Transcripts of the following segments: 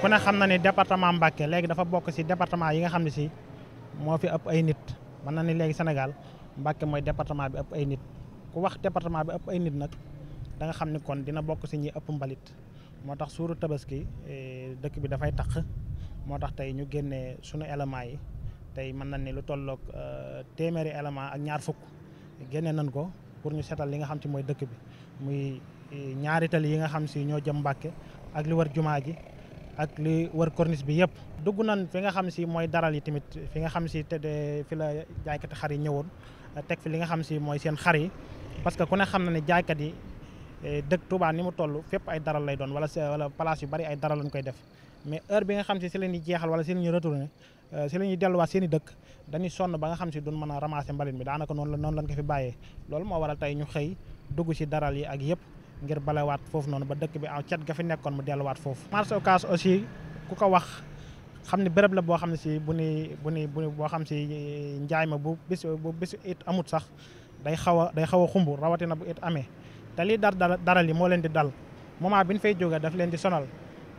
ku ne xam na ni département Mbacké léegi dafa bokk si département yi nga xam ne si moo fi ëpp ay nit mën na ni léegi Sénégal Mbacké mooy département bi ëpp ay nit ku wax département bi ëpp ay nit nag da nga xam ni kon dina bokk si ñi ëpp mbalit moo tax suuru tabaski e, dëkk bi dafay tax moo tax tey ñu génnee sunu éléments yi tey mën na ni lu tollook e, téeméeri élément ak ñaar fukk génne nañ ko pour ñu seetal li nga xam si mooy dëkk bi muy e, ñaari tali yi nga xam si ñoo jëm Mbacké ak jumaa ji ak li war corniche bi yëpp. dugg nañ fi nga xam si mooy daral yi tamit fi nga xam si te fi la jaaykati xar yi ñëwoon teg fi li nga xam si mooy seen xar yi parce que ku ne xam na ne jaaykat yi e, dëkk Touba ni mu toll fépp ay daral lay doon wala wala place yu bari ay daral lañ koy def mais heure bi nga xam si si leen di jeexal wala si leen ñu retourné e, si leen ñu delluwaat seeni dëkk dañuy sonn ba nga xam si duñ mën a ramasser mbalin mi daanaka noonu la noonu lañ ko fi bàyyee loolu moo waral tey ñu xëy dugg si daral yi ak yëpp. ngir balewaat foofu noonu ba dëkk bi aw cet ga fi nekkoon mu delluwaat foofu. marché Ocass aussi ku ko wax xam ni béréb la boo xam ne si bu ni bu ni bu boo xam si njaay ma bu bis bu bis it amut sax day xaw a day xaw a xumb rawatina bu it amee te lii dar dara li moo leen di dal moment bi ñu fay jógee daf leen di sonal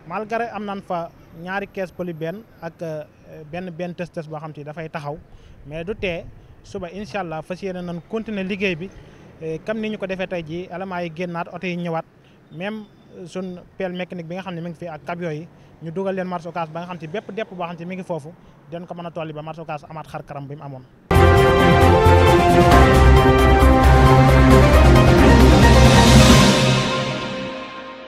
malgré am nan fa ñaari kees poli benn ak eh, benn benn tës tës boo xam si dafay taxaw mais du tee suba incha fa fas yéene nañ continuer liggéey bi. Eh, comme ni ñu ko defee tey ji éléments yi génnaat oto yi ñëwaat même euh, sun pelle mécanique bi nga xam ne mi ngi fi ak camion yi ñu dugal leen marché Ocass ba nga xam ci bépp depp boo xam ci mi ngi foofu den ko mën a tolli ba marché Ocass amaat xar karam bi mu amoon